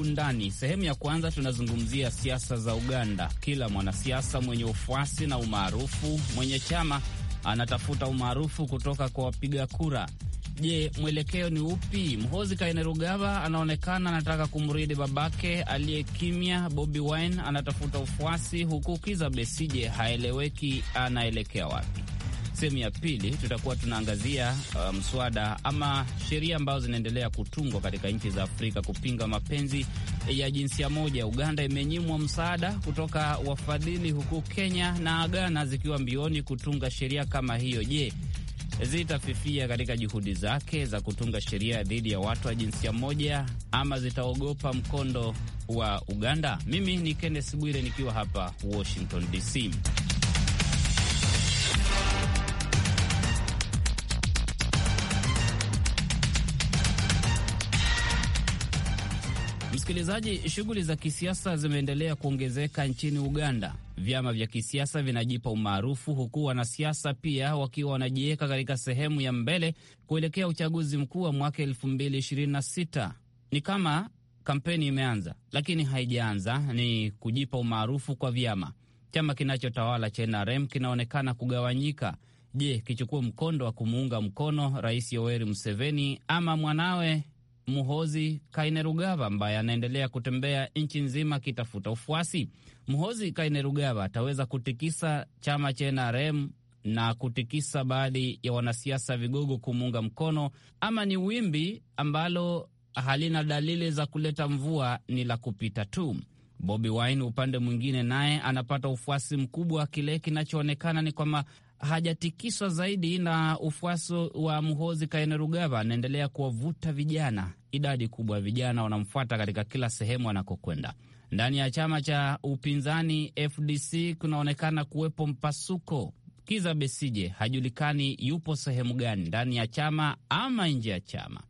undani. Sehemu ya kwanza tunazungumzia siasa za Uganda. Kila mwanasiasa mwenye ufuasi na umaarufu, mwenye chama anatafuta umaarufu kutoka kwa wapiga kura. Je, mwelekeo ni upi? Mhozi Kainerugaba anaonekana anataka kumridi babake aliyekimya Bobi Wine, anatafuta ufuasi, huku Kiza Besije haeleweki anaelekea wapi sehemu ya pili tutakuwa tunaangazia uh, um, mswada ama sheria ambazo zinaendelea kutungwa katika nchi za Afrika kupinga mapenzi ya jinsia moja. Uganda imenyimwa msaada kutoka wafadhili, huku Kenya na Ghana zikiwa mbioni kutunga sheria kama hiyo. Je, zitafifia katika juhudi zake za kutunga sheria dhidi ya watu wa jinsia moja ama zitaogopa mkondo wa Uganda? Mimi ni Kenneth Bwire nikiwa hapa Washington DC. Msikilizaji, shughuli za kisiasa zimeendelea kuongezeka nchini Uganda. Vyama vya kisiasa vinajipa umaarufu, huku wanasiasa pia wakiwa wanajiweka katika sehemu ya mbele kuelekea uchaguzi mkuu wa mwaka 2026. Ni kama kampeni imeanza, lakini haijaanza. Ni kujipa umaarufu kwa vyama. Chama kinachotawala cha NRM kinaonekana kugawanyika. Je, kichukue mkondo wa kumuunga mkono Rais Yoweri Museveni ama mwanawe Muhozi kainerugava ambaye anaendelea kutembea nchi nzima akitafuta ufuasi. Muhozi kainerugava ataweza kutikisa chama cha NRM na kutikisa baadhi ya wanasiasa vigogo kumuunga mkono, ama ni wimbi ambalo halina dalili za kuleta mvua, ni la kupita tu? Bobi Wine upande mwingine, naye anapata ufuasi mkubwa, kile kinachoonekana ni kwamba hajatikiswa zaidi na ufuasi wa Muhozi Kainerugaba, anaendelea kuwavuta vijana. Idadi kubwa ya vijana wanamfuata katika kila sehemu anakokwenda. Ndani ya chama cha upinzani FDC kunaonekana kuwepo mpasuko. Kiza Besije hajulikani yupo sehemu gani, ndani ya chama ama nje ya chama.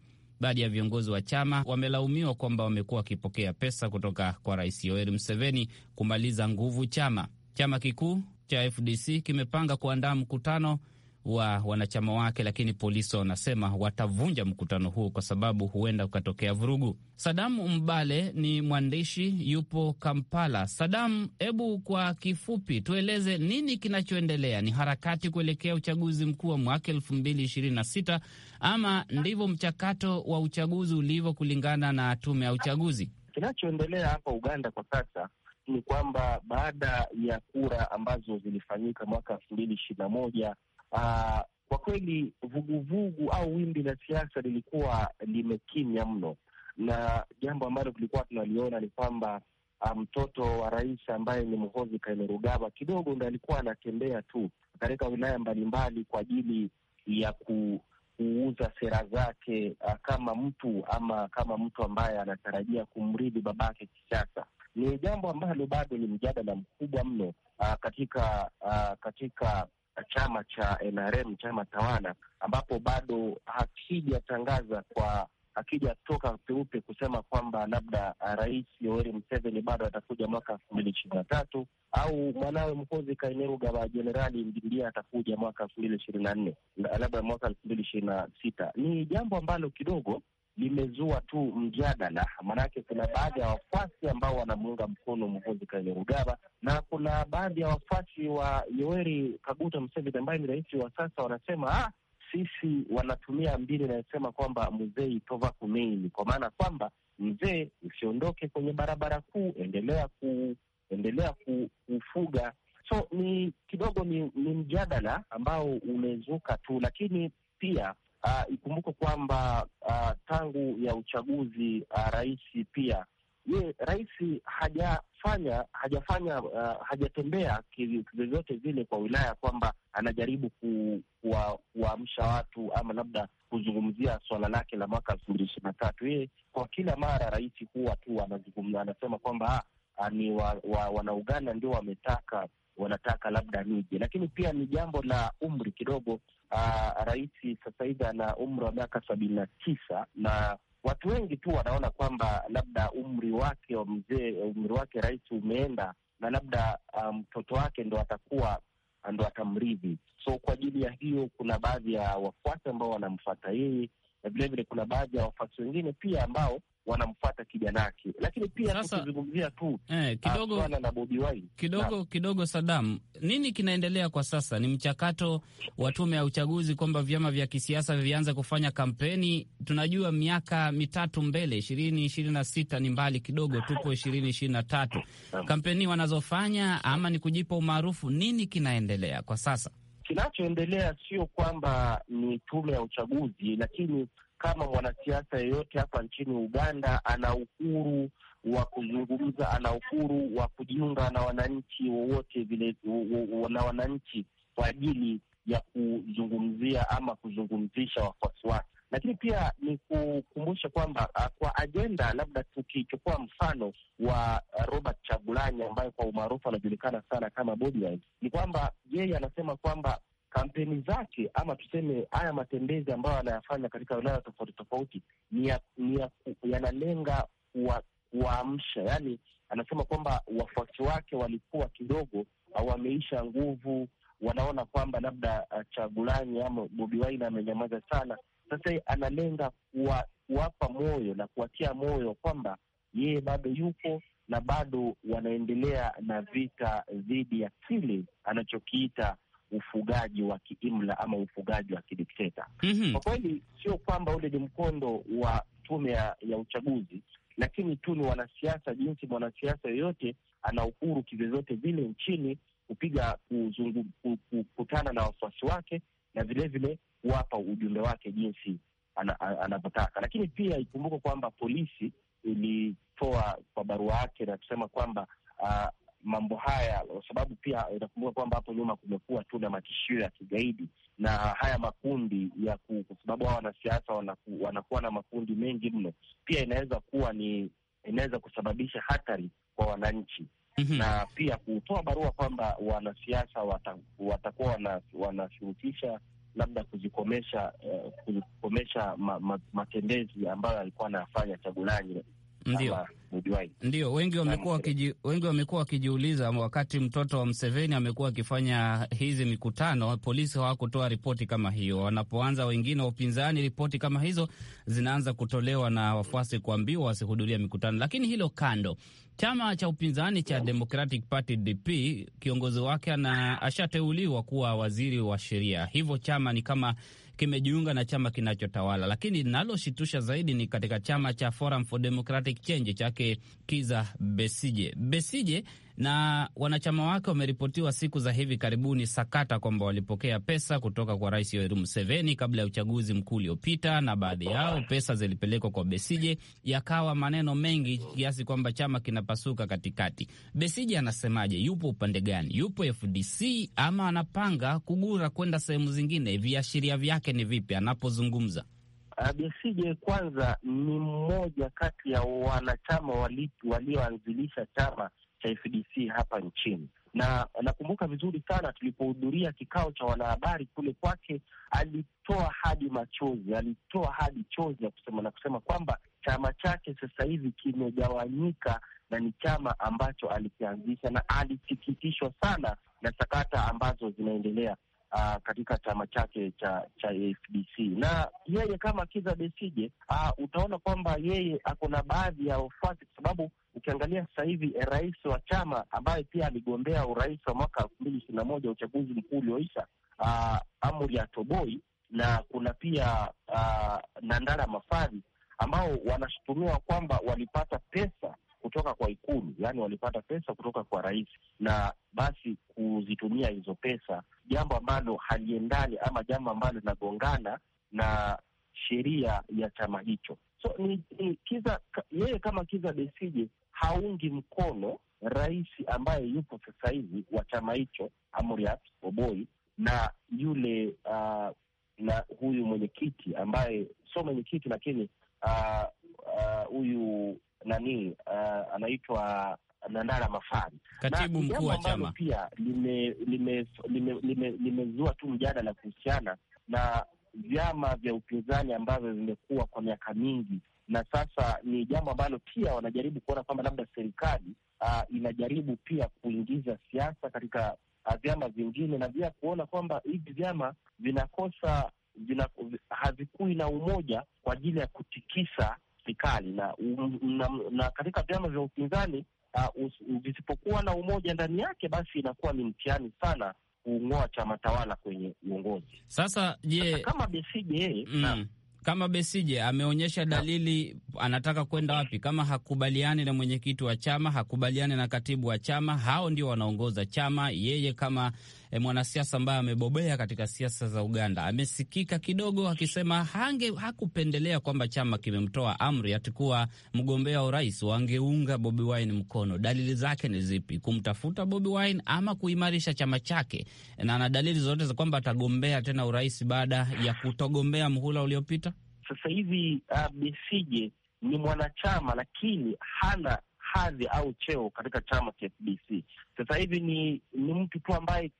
Baadhi ya viongozi wa chama wamelaumiwa kwamba wamekuwa wakipokea pesa kutoka kwa Rais Yoweri Museveni kumaliza nguvu chama. Chama kikuu cha FDC kimepanga kuandaa mkutano wa wanachama wake, lakini polisi wanasema watavunja mkutano huo kwa sababu huenda ukatokea vurugu. Sadamu Mbale ni mwandishi, yupo Kampala. Sadamu, hebu kwa kifupi tueleze nini kinachoendelea. Ni harakati kuelekea uchaguzi mkuu wa mwaka elfu mbili ishirini na sita ama ndivyo mchakato wa uchaguzi ulivyo kulingana na tume ya uchaguzi? Kinachoendelea hapa Uganda kwa sasa ni kwamba baada ya kura ambazo zilifanyika mwaka elfu mbili ishirini na moja ah, kwa kweli vuguvugu au wimbi la siasa lilikuwa limekimya mno, na jambo ambalo tulikuwa tunaliona ni kwamba ah, mtoto um, wa rais ambaye ni Mhozi Kainerugaba kidogo ndo alikuwa anatembea tu katika wilaya mbalimbali kwa ajili ya ku kuuza sera zake uh, kama mtu ama kama mtu ambaye anatarajia kumridhi babake kisiasa ni jambo ambalo bado ni mjadala mkubwa mno uh, katika uh, katika chama cha NRM chama tawala, ambapo bado hakijatangaza kwa akijatoka peupe kusema kwamba labda ah, Rais Yoweri Museveni bado atakuja mwaka elfu mbili ishirini na tatu au mwanawe Mkozi Kainerugaba wa Jenerali Mdilia atakuja mwaka elfu mbili ishirini na nne labda mwaka elfu mbili ishirini na sita Ni jambo ambalo kidogo limezua tu mjadala, maanake kuna baadhi ya wafuasi ambao wanamuunga mkono Mhozi Kainerugaba na kuna baadhi ya wafuasi wa Yoweri Kaguta Museveni ambaye ni rais wa sasa, wanasema ah, sisi wanatumia mbinu inayosema kwamba mzee itova kumeini, kwa maana kwamba mzee usiondoke kwenye barabara kuu, endelea ku endelea kufuga. So ni kidogo ni, ni mjadala ambao umezuka tu, lakini pia uh, ikumbuke kwamba uh, tangu ya uchaguzi uh, rais pia ye rais hajafanya hajafanya uh, hajatembea vyovyote vile kwa wilaya kwamba anajaribu kuwaamsha kuwa watu ama labda kuzungumzia suala lake la mwaka elfu mbili ishirini na tatu. ye kwa kila mara rais huwa tu anasema kwamba ni wa, wa, wanauganda ndio wametaka wanataka labda nije, lakini pia ni jambo la umri kidogo Ah, rais sasa hivi ana umri wa miaka sabini na tisa na watu wengi tu wanaona kwamba labda umri wake wa mzee, umri wake rais umeenda, na labda ah, mtoto um, wake ndo atakuwa ndo atamrithi. So kwa ajili ya hiyo, kuna baadhi ya wafuasi ambao wanamfata yeye na vilevile kuna baadhi ya wafuasi wengine pia ambao wanamfuata kijanake, lakini pia tukizungumzia tu eh, ah, kidogo na Bobi Wine kidogo na, kidogo Saddam, nini kinaendelea kwa sasa? Ni mchakato wa tume ya uchaguzi kwamba vyama vya kisiasa vianze kufanya kampeni. Tunajua miaka mitatu mbele, ishirini ishirini na sita ni mbali kidogo, tupo ishirini ishirini na tatu. Kampeni wanazofanya ama ni kujipa umaarufu? Nini kinaendelea kwa sasa? Kinachoendelea sio kwamba ni tume ya uchaguzi, lakini kama mwanasiasa yeyote hapa nchini Uganda ana uhuru wa kuzungumza, ana uhuru wa kujiunga na wananchi wowote vile na wananchi kwa ajili ya kuzungumzia ama kuzungumzisha wafuasi wake lakini pia ni kukumbusha kwamba uh, kwa ajenda, labda tukichukua mfano wa ah, Robert Chagulanyi ambaye kwa umaarufu anajulikana sana kama Bobi Wine, ni kwamba yeye anasema kwamba kampeni zake ama tuseme haya matembezi ambayo anayafanya katika wilaya tofauti tofauti yanalenga ya kuwaamsha, yani anasema kwamba wafuasi wake walikuwa kidogo ah, wameisha nguvu, wanaona kwamba labda Chagulanyi ama Bobi Wine amenyamaza sana, sasa analenga kuwapa moyo na kuwatia moyo kwamba yeye bado yupo na bado wanaendelea na vita dhidi ya kile anachokiita ufugaji wa kiimla ama ufugaji wa kidikteta. mm -hmm. Kwa kweli sio kwamba ule ni mkondo wa tume ya, ya uchaguzi, lakini tu ni wanasiasa, jinsi mwanasiasa yoyote ana uhuru kivyozote vile nchini kupiga kukutana na wafuasi wake na vilevile kuwapa ujumbe wake jinsi anavyotaka ana, lakini pia ikumbuke kwamba polisi ilitoa kwa barua yake na kusema kwamba uh, mambo haya kwa sababu pia inakumbuka kwamba hapo nyuma kumekuwa tu na matishio ya kigaidi na haya makundi ya ku, kwa sababu hao wanasiasa wanaku, wanakuwa na makundi mengi mno, pia inaweza kuwa ni inaweza kusababisha hatari kwa wananchi Mm-hmm. na pia kutoa barua kwamba wanasiasa watakuwa wanashurukisha labda kuzikomesha uh, eh, kukomesha ma, ma, matembezi ambayo alikuwa anayafanya Chagulanyi ndio ndio wengi yaani wamekuwa wakiji, wengi wamekuwa wakijiuliza wakati mtoto wa Mseveni amekuwa akifanya hizi mikutano, polisi hawakutoa ripoti kama hiyo. Wanapoanza wengine wa upinzani, ripoti kama hizo zinaanza kutolewa na wafuasi kuambiwa wasihudhuria mikutano. Lakini hilo kando, chama cha upinzani cha Democratic Party DP, kiongozi wake ana ashateuliwa kuwa waziri wa sheria, hivyo chama ni kama kimejiunga na chama kinachotawala. Lakini linaloshitusha zaidi ni katika chama cha Forum for Democratic Change chake Kiza Besije. Besije na wanachama wake wameripotiwa siku za hivi karibuni sakata kwamba walipokea pesa kutoka kwa Rais Yoweri Museveni kabla ya uchaguzi mkuu uliopita, na baadhi yao pesa zilipelekwa kwa Besije. Yakawa maneno mengi kiasi kwamba chama kinapasuka katikati. Besije anasemaje? Yupo upande gani? Yupo FDC ama anapanga kugura kwenda sehemu zingine? Viashiria vyake ni vipi anapozungumza? Ah, Besije kwanza ni mmoja kati ya wanachama walioanzilisha chama cha FDC hapa nchini, na nakumbuka vizuri sana tulipohudhuria kikao cha wanahabari kule kwake, alitoa hadi machozi, alitoa hadi chozi ya kusema na kusema kwamba chama chake sasa hivi kimegawanyika na ni chama ambacho alikianzisha, na alisikitishwa sana na sakata ambazo zinaendelea uh, katika chama chake cha cha AFDC na yeye kama Kiza Besije uh, utaona kwamba yeye ako na baadhi ya wafuasi, kwa sababu ukiangalia sasa hivi eh, rais wa chama ambaye pia aligombea urais wa mwaka elfu mbili ishirini na moja uchaguzi mkuu ulioisha uh, Amuri ya Toboi na kuna pia uh, Nandala Mafadhi ambao wanashutumiwa kwamba walipata pesa kutoka kwa Ikulu, yaani walipata pesa kutoka kwa rais na basi kuzitumia hizo pesa jambo ambalo haliendani ama jambo ambalo linagongana na sheria ya chama hicho. So ni, ni Kiza yeye kama Kiza Besije haungi mkono rais ambaye yupo sasa hivi wa chama hicho Amuriat Oboi na yule uh, na huyu mwenyekiti ambaye sio mwenyekiti lakini huyu uh, uh, nani uh, anaitwa Nandala Mafari, katibu mkuu wa chama, pia limezua lime, lime, lime, lime tu mjadala kuhusiana na vyama vya upinzani ambavyo vimekuwa kwa miaka mingi, na sasa ni jambo ambalo pia wanajaribu kuona kwamba labda serikali uh, inajaribu pia kuingiza siasa katika uh, vyama vingine na pia kuona kwamba hivi vyama vinakosa vina, havikui na umoja kwa ajili ya kutikisa serikali na, um, na, na katika vyama vya upinzani visipokuwa ah, na umoja ndani yake, basi inakuwa ni mtihani sana kuung'oa chama tawala kwenye uongozi. Sasa je, kama Besije mm, kama Besije ameonyesha dalili na, anataka kwenda wapi? Kama hakubaliani na mwenyekiti wa chama, hakubaliani na katibu wa chama, hao ndio wanaongoza chama, yeye kama e, mwanasiasa ambaye amebobea katika siasa za Uganda amesikika kidogo akisema hange hakupendelea kwamba chama kimemtoa amri ati kuwa mgombea wa urais wangeunga Bobi Wine mkono. Dalili zake ni zipi? Kumtafuta Bobi Wine ama kuimarisha chama chake? Na ana dalili zote za kwamba atagombea tena urais baada ya kutogombea mhula uliopita. Sasa hivi uh, Besije ni mwanachama lakini hana hadhi au cheo katika chama cha FBC. Sasa hivi ni ni mtu tu ambaye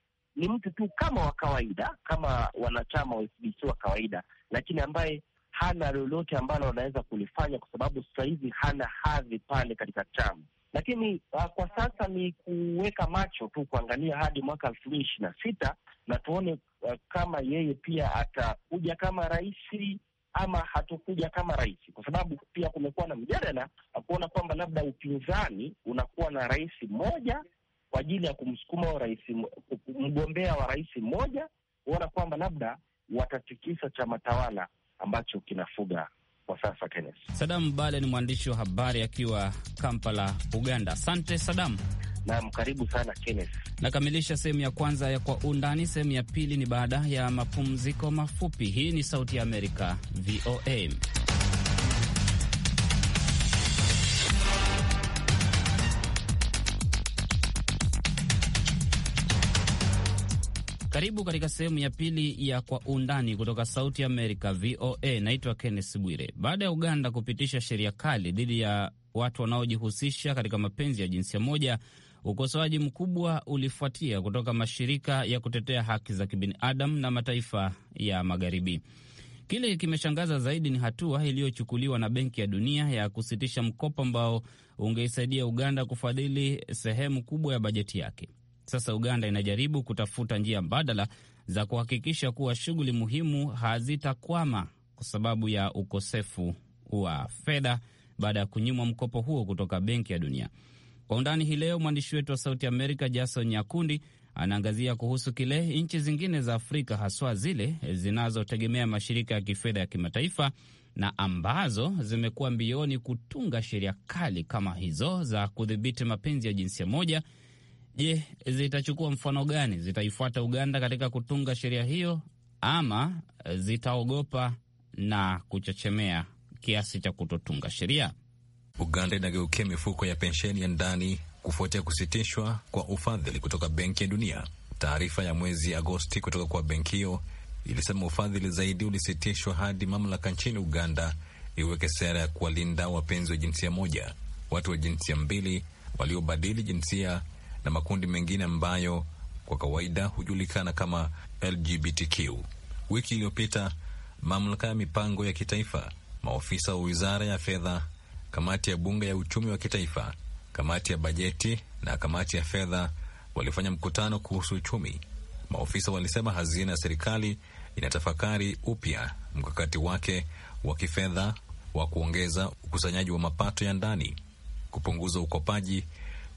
ni mtu tu kama wa kawaida, kama wanachama wa FBC wa kawaida, lakini ambaye hana lolote ambalo anaweza kulifanya, kwa sababu sasa hivi hana hadhi pale katika chama. Lakini uh, kwa sasa ni kuweka macho tu kuangalia hadi mwaka elfu mbili ishirini na sita na tuone uh, kama yeye pia atakuja kama rais ama hatukuja kama rais, kwa sababu pia kumekuwa na mjadala kuona kwamba labda upinzani unakuwa na rais mmoja kwa ajili ya kumsukuma rais mgombea wa rais mmoja kuona kwamba labda watatikisa chama tawala ambacho kinafuga kwa sasa. Kenneth Sadam Bale ni mwandishi wa habari akiwa Kampala, Uganda. Asante Sadam. Naam, karibu sana Kenneth. Nakamilisha sehemu ya kwanza ya Kwa Undani. Sehemu ya pili ni baada ya mapumziko mafupi. Hii ni Sauti ya Amerika, VOA. Karibu katika sehemu ya pili ya Kwa Undani kutoka Sauti Amerika, VOA. Naitwa kennes Bwire. Baada ya Uganda kupitisha sheria kali dhidi ya watu wanaojihusisha katika mapenzi ya jinsia moja, ukosoaji mkubwa ulifuatia kutoka mashirika ya kutetea haki za kibinadamu na mataifa ya Magharibi. Kile kimeshangaza zaidi ni hatua iliyochukuliwa na Benki ya Dunia ya kusitisha mkopo ambao ungeisaidia Uganda kufadhili sehemu kubwa ya bajeti yake. Sasa Uganda inajaribu kutafuta njia mbadala za kuhakikisha kuwa shughuli muhimu hazitakwama kwa sababu ya ukosefu wa fedha baada ya kunyimwa mkopo huo kutoka Benki ya Dunia. Kwa undani hii leo, mwandishi wetu wa Sauti Amerika Jason Nyakundi anaangazia kuhusu kile nchi zingine za Afrika haswa zile zinazotegemea mashirika ya kifedha ya kimataifa na ambazo zimekuwa mbioni kutunga sheria kali kama hizo za kudhibiti mapenzi ya jinsia moja Je, zitachukua mfano gani? Zitaifuata Uganda katika kutunga sheria hiyo ama eh, zitaogopa na kuchechemea kiasi cha kutotunga sheria? Uganda inageukia mifuko ya pensheni ya ndani kufuatia kusitishwa kwa ufadhili kutoka Benki ya Dunia. Taarifa ya mwezi Agosti kutoka kwa benki hiyo ilisema ufadhili zaidi ulisitishwa hadi mamlaka nchini Uganda iweke sera ya kuwalinda wapenzi wa jinsia moja, watu wa jinsia mbili, waliobadili jinsia na makundi mengine ambayo kwa kawaida hujulikana kama LGBTQ. Wiki iliyopita mamlaka ya mipango ya kitaifa, maofisa wa wizara ya fedha, kamati ya bunge ya uchumi wa kitaifa, kamati ya bajeti na kamati ya fedha walifanya mkutano kuhusu uchumi. Maofisa walisema hazina ya serikali inatafakari upya mkakati wake wa kifedha wa kuongeza ukusanyaji wa mapato ya ndani, kupunguza ukopaji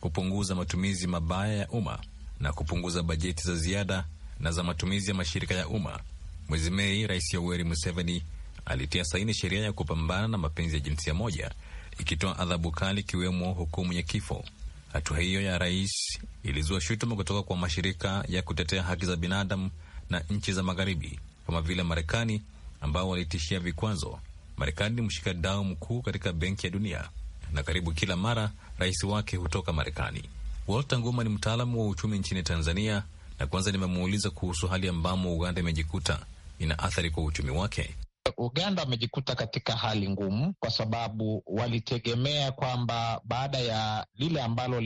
kupunguza matumizi mabaya ya umma na kupunguza bajeti za ziada na za matumizi ya mashirika ya umma. Mwezi Mei, Rais Yoweri Museveni alitia saini sheria ya kupambana na mapenzi ya jinsia moja, ikitoa adhabu kali, ikiwemo hukumu ya kifo. Hatua hiyo ya rais ilizua shutuma kutoka kwa mashirika ya kutetea haki za binadamu na nchi za Magharibi kama vile Marekani, ambao walitishia vikwazo. Marekani ni mshika mkuu katika Benki ya Dunia na karibu kila mara rais wake hutoka Marekani. Walter Nguma ni mtaalamu wa uchumi nchini Tanzania, na kwanza nimemuuliza kuhusu hali ambamo Uganda imejikuta ina athari kwa uchumi wake. Uganda wamejikuta katika hali ngumu kwa sababu walitegemea kwamba baada ya lile ambalo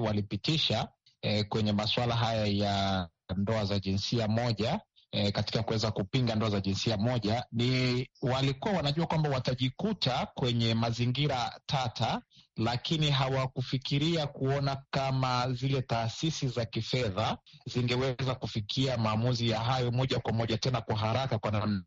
walipitisha eh, kwenye masuala haya ya ndoa za jinsia moja eh, katika kuweza kupinga ndoa za jinsia moja ni walikuwa wanajua kwamba watajikuta kwenye mazingira tata, lakini hawakufikiria kuona kama zile taasisi za kifedha zingeweza kufikia maamuzi ya hayo moja kwa moja tena kwa haraka kwa namna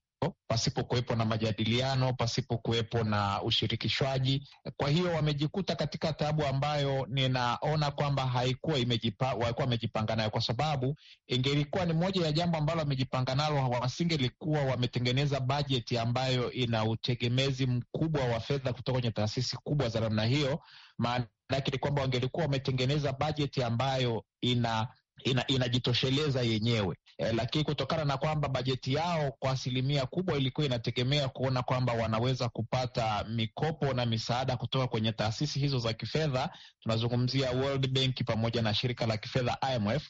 pasipo kuwepo na majadiliano, pasipo kuwepo na ushirikishwaji. Kwa hiyo wamejikuta katika tabu ambayo ninaona kwamba haikuwa imejipa, walikuwa wamejipanga nayo, kwa sababu ingelikuwa ni moja ya jambo ambalo wamejipanga nalo, wasingelikuwa wametengeneza bajeti ambayo ina utegemezi mkubwa wa fedha kutoka kwenye taasisi kubwa za namna hiyo. Maana yake ni kwamba wangelikuwa wametengeneza bajeti ambayo ina ina, inajitosheleza yenyewe e, lakini kutokana na kwamba bajeti yao kwa asilimia kubwa ilikuwa inategemea kuona kwamba wanaweza kupata mikopo na misaada kutoka kwenye taasisi hizo za kifedha, tunazungumzia World Bank pamoja na shirika la kifedha IMF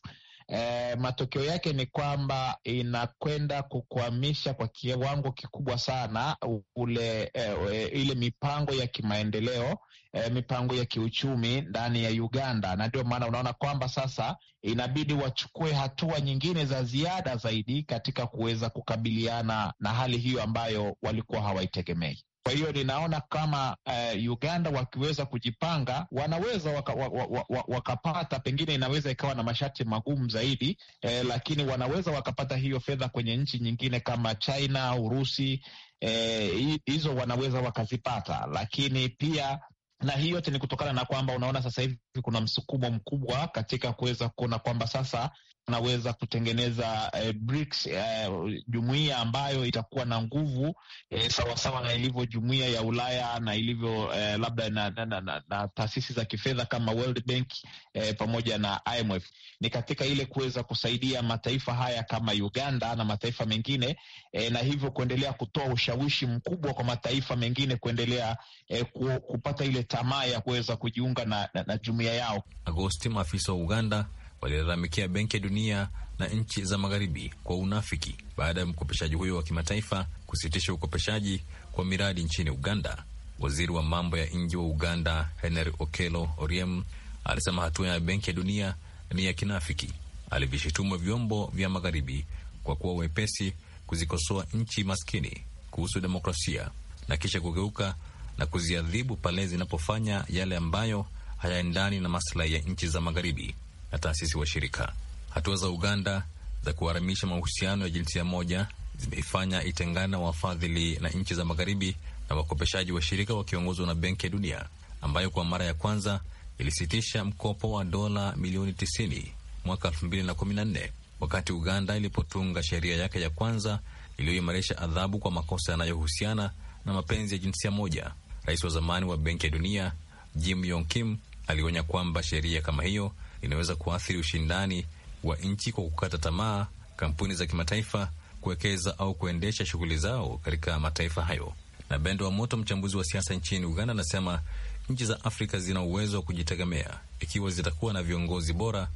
e, matokeo yake ni kwamba inakwenda kukwamisha kwa kiwango kikubwa sana ule e, ile mipango ya kimaendeleo e, mipango ya kiuchumi ndani ya Uganda, na ndio maana unaona kwamba sasa inabidi wachukue hatua nyingine za ziada zaidi katika kuweza kukabiliana na hali hiyo ambayo walikuwa hawaitegemei. Kwa hiyo ninaona kama uh, Uganda wakiweza kujipanga wanaweza waka, waka, waka, wakapata, pengine inaweza ikawa na masharti magumu zaidi eh, lakini wanaweza wakapata hiyo fedha kwenye nchi nyingine kama China, Urusi eh, hizo eh, wanaweza wakazipata, lakini pia na hii yote ni kutokana na kwamba unaona sasa hivi kuna msukumo mkubwa katika kuweza kuona kwamba sasa anaweza kutengeneza eh, BRICS, eh, jumuiya ambayo itakuwa na nguvu eh, sawasawa na ilivyo jumuiya ya Ulaya na ilivyo eh, labda na, na, na, na, na taasisi za kifedha kama World Bank eh, pamoja na IMF. Ni katika ile kuweza kusaidia mataifa haya kama Uganda na mataifa mengine eh, na hivyo kuendelea kutoa ushawishi mkubwa kwa mataifa mengine kuendelea eh, ku, kupata ile tamaa ya kuweza kujiunga na, na, na jumuiya yao. Agosti, maafisa wa Uganda walilalamikia Benki ya Dunia na nchi za magharibi kwa unafiki baada ya mkopeshaji huyo wa kimataifa kusitisha ukopeshaji kwa miradi nchini Uganda. Waziri wa mambo ya nje wa Uganda Henry Okello Oriem alisema hatua ya Benki ya Dunia ni ya kinafiki. alivishitumwa vyombo vya magharibi kwa kuwa wepesi kuzikosoa nchi maskini kuhusu demokrasia na kisha kugeuka na kuziadhibu pale zinapofanya yale ambayo hayaendani na maslahi ya nchi za magharibi na taasisi shirika. Hatua za Uganda za kuharamisha mahusiano ya jinsia moja zimeifanya itengana wafadhili na nchi za magharibi na wakopeshaji wa shirika wakiongozwa na Benki ya Dunia ambayo kwa mara ya kwanza ilisitisha mkopo wa dola milioni 90 mwaka 2014 wakati Uganda ilipotunga sheria yake ya kwanza iliyoimarisha adhabu kwa makosa yanayohusiana na mapenzi ya jinsia moja. Rais wa zamani wa Benki ya Dunia Jim Yong Kim alionya kwamba sheria kama hiyo inaweza kuathiri ushindani wa nchi kwa kukata tamaa kampuni za kimataifa kuwekeza au kuendesha shughuli zao katika mataifa hayo. Na Bendo wa Moto, mchambuzi wa siasa nchini Uganda, anasema nchi za Afrika zina uwezo wa kujitegemea ikiwa zitakuwa na viongozi bora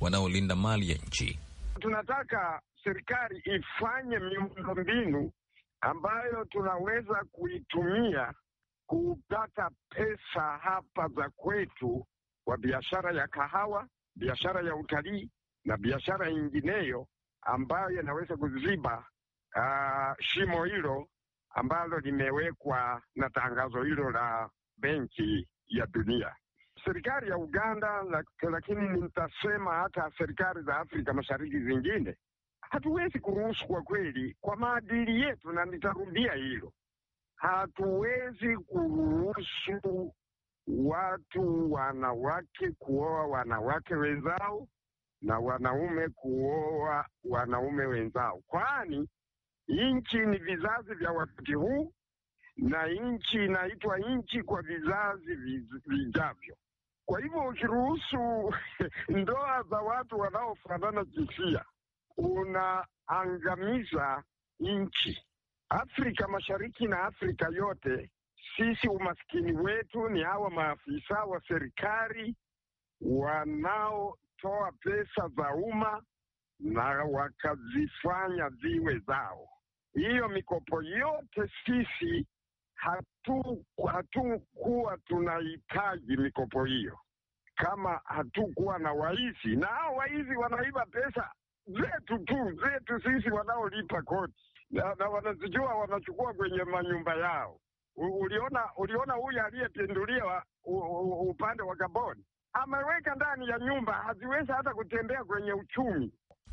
wanaolinda mali ya nchi. Tunataka serikali ifanye miundombinu ambayo tunaweza kuitumia kupata pesa hapa za kwetu kwa biashara ya kahawa, biashara ya utalii na biashara nyingineyo ambayo yanaweza kuziba uh, shimo hilo ambalo limewekwa na tangazo hilo la Benki ya Dunia. Serikali ya Uganda lakini nitasema hata serikali za Afrika Mashariki zingine hatuwezi kuruhusu kwa kweli, kwa maadili yetu, na nitarudia hilo, hatuwezi kuruhusu watu wanawake kuoa wanawake wenzao na wanaume kuoa wanaume wenzao, kwani nchi ni vizazi vya wakati huu na nchi inaitwa nchi kwa vizazi vijavyo. Kwa hivyo ukiruhusu ndoa za watu wanaofanana jinsia, unaangamiza nchi. Afrika Mashariki na Afrika yote sisi umaskini wetu ni hawa maafisa wa serikali wanaotoa pesa za umma na wakazifanya ziwe zao. Hiyo mikopo yote sisi hatukuwa hatu tunahitaji mikopo hiyo kama hatukuwa na waizi, na hao waizi wanaiba pesa zetu tu zetu sisi wanaolipa kodi na, na wanazijua wanachukua kwenye manyumba yao uliona uliona huyu aliyepinduliwa upande wa Gabon ameweka ndani ya nyumba, haziwezi hata kutembea kwenye uchumi.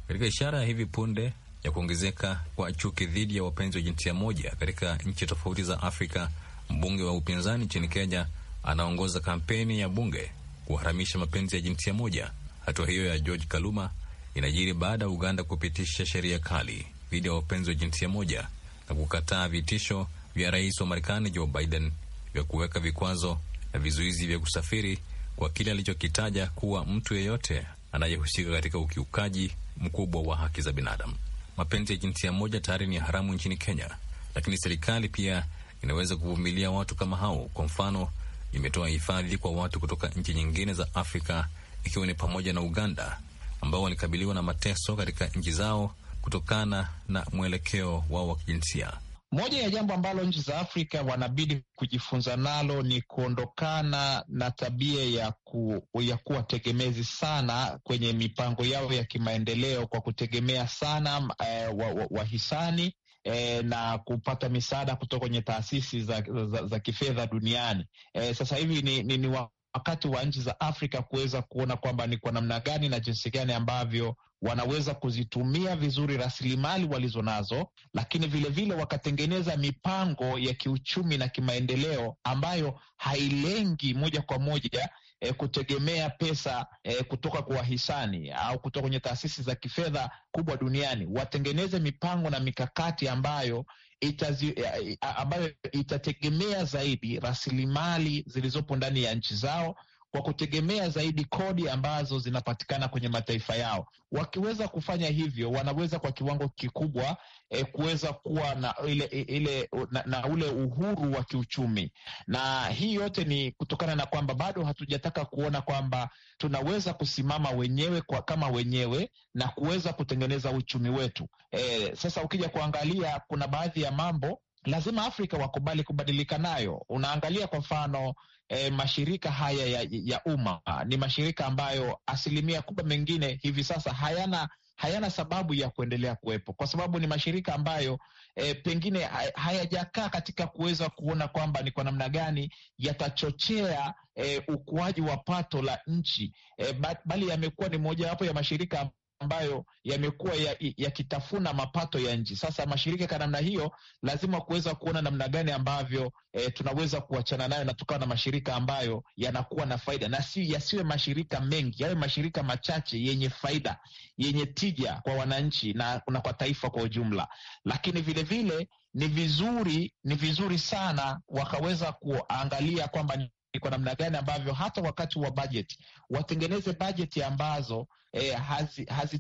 Katika ishara ya hivi punde ya kuongezeka kwa chuki dhidi ya wapenzi wa jinsia moja katika nchi tofauti za Afrika, mbunge wa upinzani nchini Kenya anaongoza kampeni ya bunge kuharamisha mapenzi ya jinsia moja. Hatua hiyo ya George Kaluma inajiri baada ya Uganda kupitisha sheria kali dhidi ya wapenzi wa jinsia moja na kukataa vitisho vya rais wa Marekani Joe Biden vya kuweka vikwazo na vizuizi vya kusafiri kwa kile alichokitaja kuwa mtu yeyote anayehusika katika ukiukaji mkubwa wa haki za binadamu. Mapenzi ya jinsia moja tayari ni haramu nchini Kenya, lakini serikali pia inaweza kuvumilia watu kama hao. Kwa mfano, imetoa hifadhi kwa watu kutoka nchi nyingine za Afrika, ikiwa ni pamoja na Uganda, ambao walikabiliwa na mateso katika nchi zao kutokana na mwelekeo wao wa kijinsia. Moja ya jambo ambalo nchi za Afrika wanabidi kujifunza nalo ni kuondokana na tabia ya, ku, ya kuwa tegemezi sana kwenye mipango yao ya kimaendeleo kwa kutegemea sana eh, wahisani wa, wa E, na kupata misaada kutoka kwenye taasisi za, za, za kifedha duniani. E, sasa hivi ni, ni, ni wakati wa nchi za Afrika kuweza kuona kwamba ni kwa namna gani na jinsi gani ambavyo wanaweza kuzitumia vizuri rasilimali walizonazo, lakini vilevile vile wakatengeneza mipango ya kiuchumi na kimaendeleo ambayo hailengi moja kwa moja E, kutegemea pesa e, kutoka kwa wahisani au kutoka kwenye taasisi za kifedha kubwa duniani. Watengeneze mipango na mikakati ambayo itazi, eh, ambayo itategemea zaidi rasilimali zilizopo ndani ya nchi zao kwa kutegemea zaidi kodi ambazo zinapatikana kwenye mataifa yao. Wakiweza kufanya hivyo, wanaweza kwa kiwango kikubwa e, kuweza kuwa na ile, ile na, na ule uhuru wa kiuchumi, na hii yote ni kutokana na kwamba bado hatujataka kuona kwamba tunaweza kusimama wenyewe kwa kama wenyewe na kuweza kutengeneza uchumi wetu. E, sasa ukija kuangalia kuna baadhi ya mambo lazima Afrika wakubali kubadilika nayo. Unaangalia kwa mfano e, mashirika haya ya, ya umma ni mashirika ambayo asilimia kubwa mengine hivi sasa hayana hayana sababu ya kuendelea kuwepo kwa sababu ni mashirika ambayo e, pengine hayajakaa katika kuweza kuona kwamba ni kwa namna gani yatachochea e, ukuaji wa pato la nchi e, bali yamekuwa ni mojawapo ya mashirika ambayo yamekuwa yakitafuna ya mapato ya nchi. Sasa mashirika kwa namna hiyo lazima kuweza kuona namna gani ambavyo e, tunaweza kuachana nayo na tukawa na mashirika ambayo yanakuwa na faida na si, yasiwe mashirika mengi, yawe mashirika machache yenye faida, yenye tija kwa wananchi na, na kwa taifa kwa ujumla. Lakini vilevile vile, ni vizuri ni vizuri sana wakaweza kuangalia kwamba ni kwa namna gani ambavyo hata wakati wa bajeti watengeneze bajeti ambazo e, hazi, hazi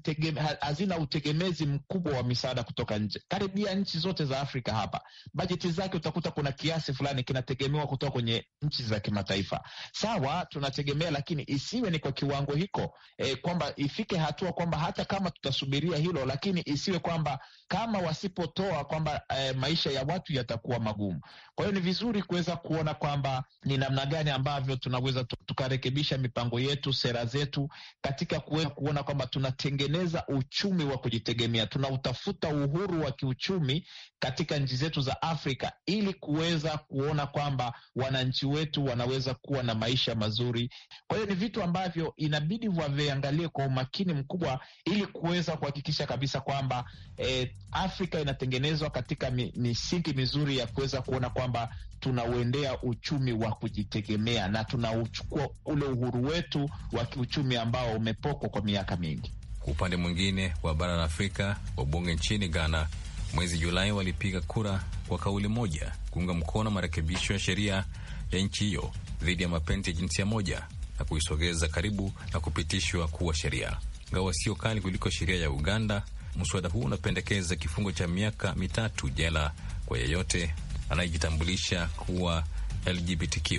hazina utegemezi mkubwa wa misaada kutoka nje. Karibia nchi zote za Afrika hapa bajeti zake utakuta kuna kiasi fulani kinategemewa kutoka kwenye nchi za kimataifa. Sawa, tunategemea, lakini isiwe ni kwa kiwango hiko, e, kwamba ifike hatua kwamba hata kama tutasubiria hilo, lakini isiwe kwamba kama wasipotoa kwamba e, maisha ya watu yatakuwa magumu. Kwa hiyo ni vizuri kuweza kuona kwamba ni namna gani ambavyo tunaweza tukarekebisha mipango yetu, sera zetu katika kuweza kuona kwamba tunatengeneza uchumi wa kujitegemea, tunautafuta uhuru wa kiuchumi katika nchi zetu za Afrika ili kuweza kuona kwamba wananchi wetu wanaweza kuwa na maisha mazuri. Kwa hiyo ni vitu ambavyo inabidi waviangalie kwa umakini mkubwa ili kuweza kuhakikisha kabisa kwamba eh, Afrika inatengenezwa katika misingi mizuri ya kuweza kuona kwamba tunauendea uchumi wa kujitegemea na tunauchukua ule uhuru wetu wa kiuchumi ambao umepokwa kwa miaka mingi. Kwa upande mwingine wa bara la Afrika, wabunge nchini Ghana mwezi Julai walipiga kura kwa kauli moja kuunga mkono marekebisho ya sheria ya nchi hiyo dhidi ya mapenzi ya jinsia moja na kuisogeza karibu na kupitishwa kuwa sheria, ingawa sio kali kuliko sheria ya Uganda. Mswada huu unapendekeza kifungo cha miaka mitatu jela kwa yeyote anayejitambulisha kuwa LGBTQ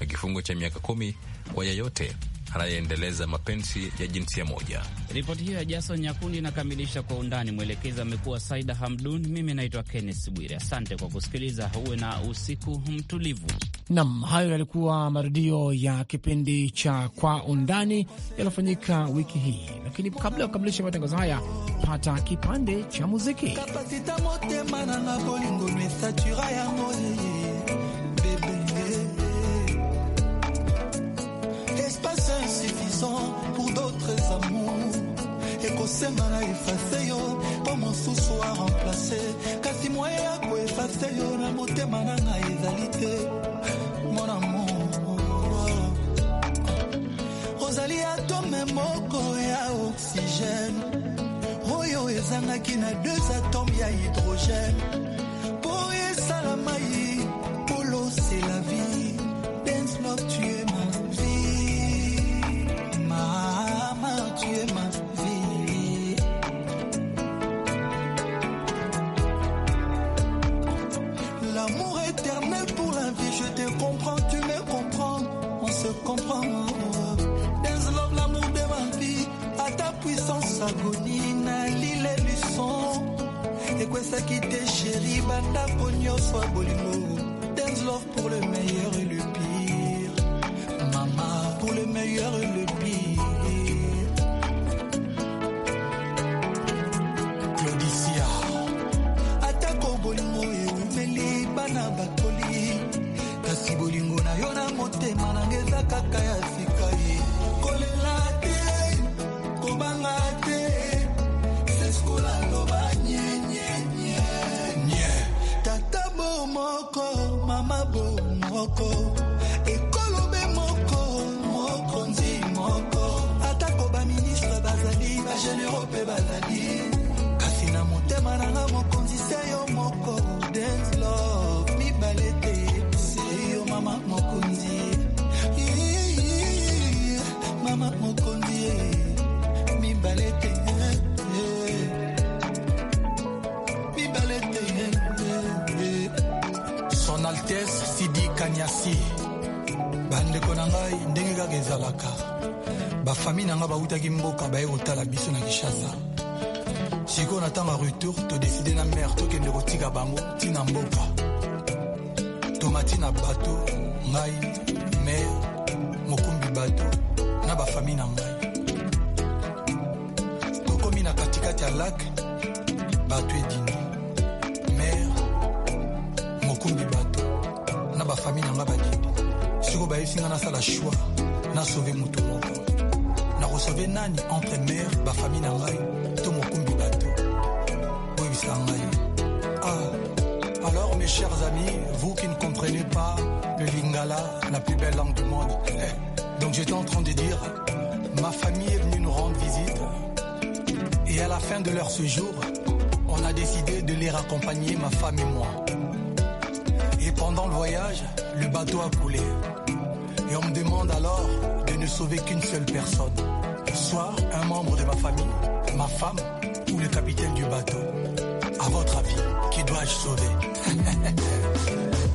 na kifungo cha miaka kumi kwa yeyote anayeendeleza mapenzi ya jinsia moja. Ripoti hiyo ya Jason Nyakundi inakamilisha kwa undani. Mwelekezi amekuwa Saida Hamdun, mimi naitwa Kennes Bwire. Asante kwa kusikiliza, uwe na usiku mtulivu. Nam, hayo yalikuwa marudio ya kipindi cha Kwa Undani yaliyofanyika wiki hii, lakini kabla ya kukamilisha matangazo haya, pata kipande cha muziki. innocent pour d'autres amours ekosema na efase yo mpo mosusu aremplace kasi moye ya koefase yo na motema na ngai ezali te monamo ozali atome moko ya oxygène oyo ezangaki na deux atome ya hydrogène moko ekolobe moko mokonzi moko atako baministre bazali bagenero mpe bazali kasi na motema nanga moko ndenge ezalaka bafami na nga bautaki mboka baye kotala biso na kinshasa sikoyo na ntango ya retour todeside na mare tokende kotika bango ntina mboka tomati na bato ngai mare mokumbi bato na bafami na ngai tokomi na katikati ya lak bato edini mare mokumbi bato na bafami na ngai badini sikoyo bayebisi ngai nasala shwir na moko nani entre ah, alors mes chers amis vous qui ne comprenez pas le lingala la plus belle langue du monde eh, donc j'étais en train de dire ma famille est venue nous rendre visite et à la fin de leur séjour on a décidé de les raccompagner ma femme et moi et pendant le voyage le bateau a coulé demande alors de ne sauver qu'une seule personne, soit un membre de ma famille, ma femme ou le capitaine du bateau. À votre avis, qui dois-je sauver